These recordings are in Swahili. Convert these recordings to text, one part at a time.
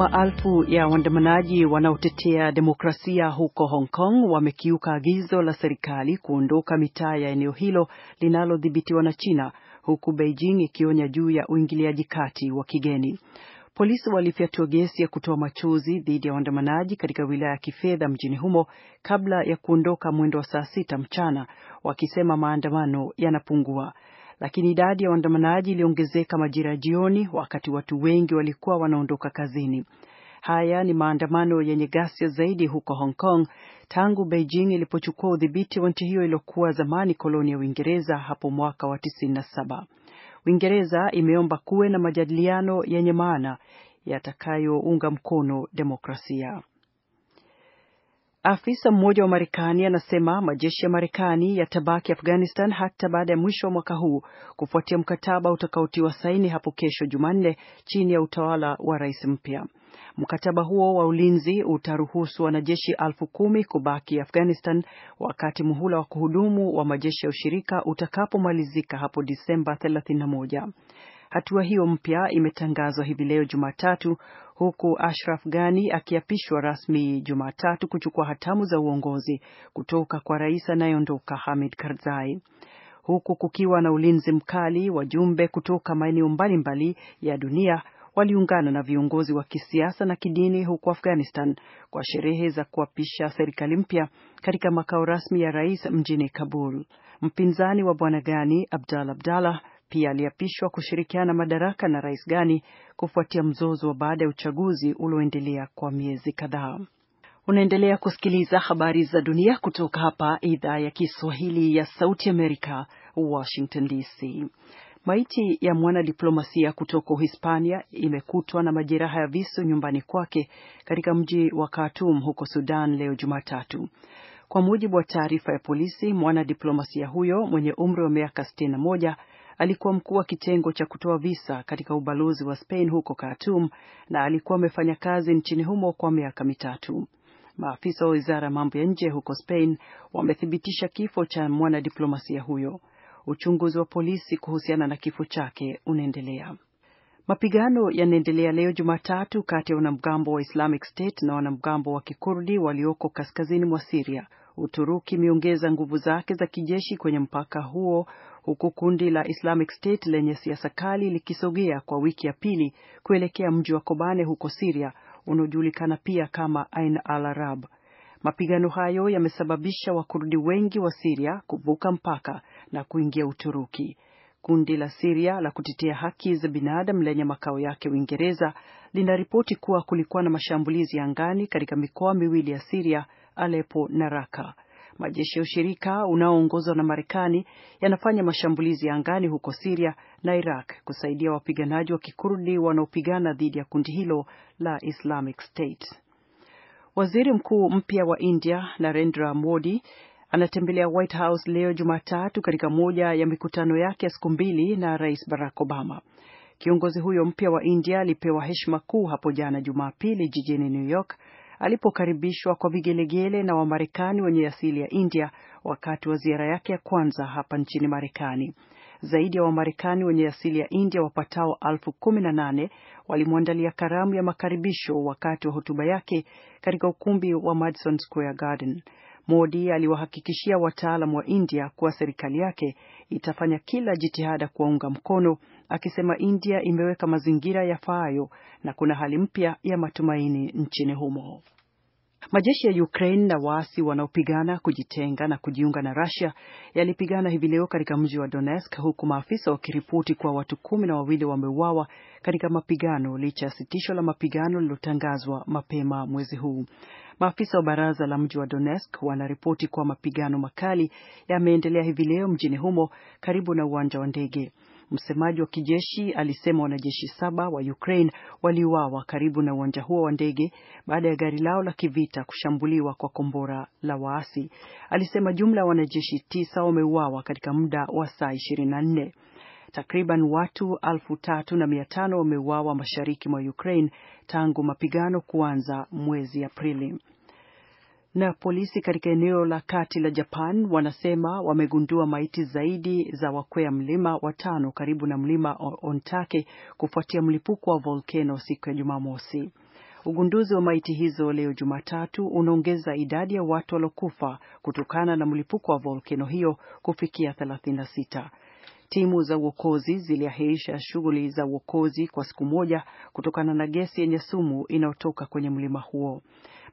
Maelfu ya waandamanaji wanaotetea demokrasia huko Hong Kong wamekiuka agizo la serikali kuondoka mitaa ya eneo hilo linalodhibitiwa na China huku Beijing ikionya juu ya uingiliaji kati wa kigeni. Polisi walifyatua gesi ya kutoa machozi dhidi ya waandamanaji katika wilaya ya kifedha mjini humo kabla ya kuondoka mwendo wa saa sita mchana wakisema maandamano yanapungua lakini idadi ya waandamanaji iliongezeka majira jioni, wakati watu wengi walikuwa wanaondoka kazini. Haya ni maandamano yenye ghasia zaidi huko Hong Kong tangu Beijing ilipochukua udhibiti wa nchi hiyo iliyokuwa zamani koloni ya Uingereza hapo mwaka wa 97. Uingereza imeomba kuwe na majadiliano yenye maana yatakayounga mkono demokrasia. Afisa mmoja wa Marekani anasema majeshi ya Marekani yatabaki Afghanistan hata baada ya mwisho wa mwaka huu kufuatia mkataba utakaotiwa saini hapo kesho Jumanne chini ya utawala wa rais mpya. Mkataba huo wa ulinzi utaruhusu wanajeshi elfu kumi kubaki Afghanistan wakati muhula wa kuhudumu wa majeshi ya ushirika utakapomalizika hapo Disemba 31. Hatua hiyo mpya imetangazwa hivi leo Jumatatu huku Ashraf Ghani akiapishwa rasmi Jumatatu kuchukua hatamu za uongozi kutoka kwa rais anayeondoka Hamid Karzai, huku kukiwa na ulinzi mkali. Wajumbe kutoka maeneo mbalimbali ya dunia waliungana na viongozi wa kisiasa na kidini huko Afghanistan kwa sherehe za kuapisha serikali mpya katika makao rasmi ya rais mjini Kabul. Mpinzani wa bwana Ghani, Abdalla abdallah pia aliapishwa kushirikiana madaraka na rais Gani kufuatia mzozo wa baada ya uchaguzi ulioendelea kwa miezi kadhaa. Unaendelea kusikiliza habari za dunia kutoka hapa idhaa ya Kiswahili ya Sauti Amerika, Washington DC. Maiti ya mwanadiplomasia kutoka Uhispania imekutwa na majeraha ya visu nyumbani kwake katika mji wa Khartoum huko Sudan leo Jumatatu. Kwa mujibu wa taarifa ya polisi, mwanadiplomasia huyo mwenye umri wa miaka alikuwa mkuu wa kitengo cha kutoa visa katika ubalozi wa Spain huko Khartoum na alikuwa amefanya kazi nchini humo kwa miaka mitatu. Maafisa wa wizara ya mambo ya nje huko Spain wamethibitisha kifo cha mwanadiplomasia huyo. Uchunguzi wa polisi kuhusiana na kifo chake unaendelea. Mapigano yanaendelea leo Jumatatu kati ya wanamgambo wa Islamic State na wanamgambo wa Kikurdi walioko kaskazini mwa Siria. Uturuki imeongeza nguvu zake za kijeshi kwenye mpaka huo huku kundi la Islamic State lenye siasa kali likisogea kwa wiki ya pili kuelekea mji wa Kobane huko Siria unaojulikana pia kama Ain al-Arab. Mapigano hayo yamesababisha Wakurdi wengi wa Siria kuvuka mpaka na kuingia Uturuki. Kundi la Siria la kutetea haki za binadamu lenye makao yake Uingereza linaripoti kuwa kulikuwa na mashambulizi ya angani katika mikoa miwili ya Siria, Aleppo na Raqqa. Majeshi ya ushirika unaoongozwa na Marekani yanafanya mashambulizi ya angani huko Siria na Iraq kusaidia wapiganaji wa Kikurdi wanaopigana dhidi ya kundi hilo la Islamic State. Waziri Mkuu mpya wa India Narendra Modi anatembelea White House leo Jumatatu katika moja ya mikutano yake ya siku mbili na Rais Barack Obama. Kiongozi huyo mpya wa India alipewa heshima kuu hapo jana Jumapili jijini New York alipokaribishwa kwa vigelegele na Wamarekani wenye asili ya India wakati wa ziara yake ya kwanza hapa nchini Marekani. Zaidi ya Wamarekani wenye asili ya India wapatao elfu kumi na nane walimwandalia karamu ya makaribisho wakati wa hotuba yake katika ukumbi wa Madison Square Garden. Modi aliwahakikishia wataalam wa India kuwa serikali yake itafanya kila jitihada kuwaunga mkono akisema India imeweka mazingira yafaayo na kuna hali mpya ya matumaini nchini humo. Majeshi ya Ukraine na waasi wanaopigana kujitenga na kujiunga na Russia yalipigana hivi leo katika mji wa Donetsk huku maafisa wakiripoti kuwa watu kumi na wawili wameuawa katika mapigano licha ya sitisho la mapigano lililotangazwa mapema mwezi huu. Maafisa wa baraza la mji wa Donetsk wanaripoti kuwa mapigano makali yameendelea hivi leo mjini humo karibu na uwanja wa ndege. Msemaji wa kijeshi alisema wanajeshi saba wa Ukraine waliuawa karibu na uwanja huo wa ndege baada ya gari lao la kivita kushambuliwa kwa kombora la waasi. Alisema jumla ya wanajeshi tisa wameuawa katika muda wa saa nne. Takriban watu elfu tatu na mia tano wameuawa mashariki mwa Ukraine tangu mapigano kuanza mwezi Aprili na polisi katika eneo la kati la Japan wanasema wamegundua maiti zaidi za wakwea mlima watano karibu na mlima Ontake kufuatia mlipuko wa volkeno siku ya Jumamosi. Ugunduzi wa maiti hizo leo Jumatatu unaongeza idadi ya watu waliokufa kutokana na mlipuko wa volkeno hiyo kufikia 36. Timu za uokozi ziliahirisha shughuli za uokozi kwa siku moja kutokana na gesi yenye sumu inayotoka kwenye mlima huo.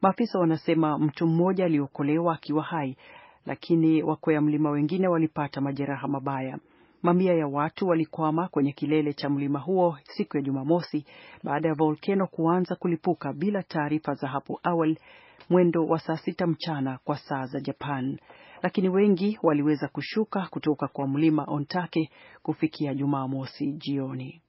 Maafisa wanasema mtu mmoja aliokolewa akiwa hai, lakini wakwea mlima wengine walipata majeraha mabaya. Mamia ya watu walikwama kwenye kilele cha mlima huo siku ya Jumamosi baada ya volkeno kuanza kulipuka bila taarifa za hapo awali mwendo wa saa sita mchana kwa saa za Japan, lakini wengi waliweza kushuka kutoka kwa mlima Ontake kufikia Jumamosi jioni.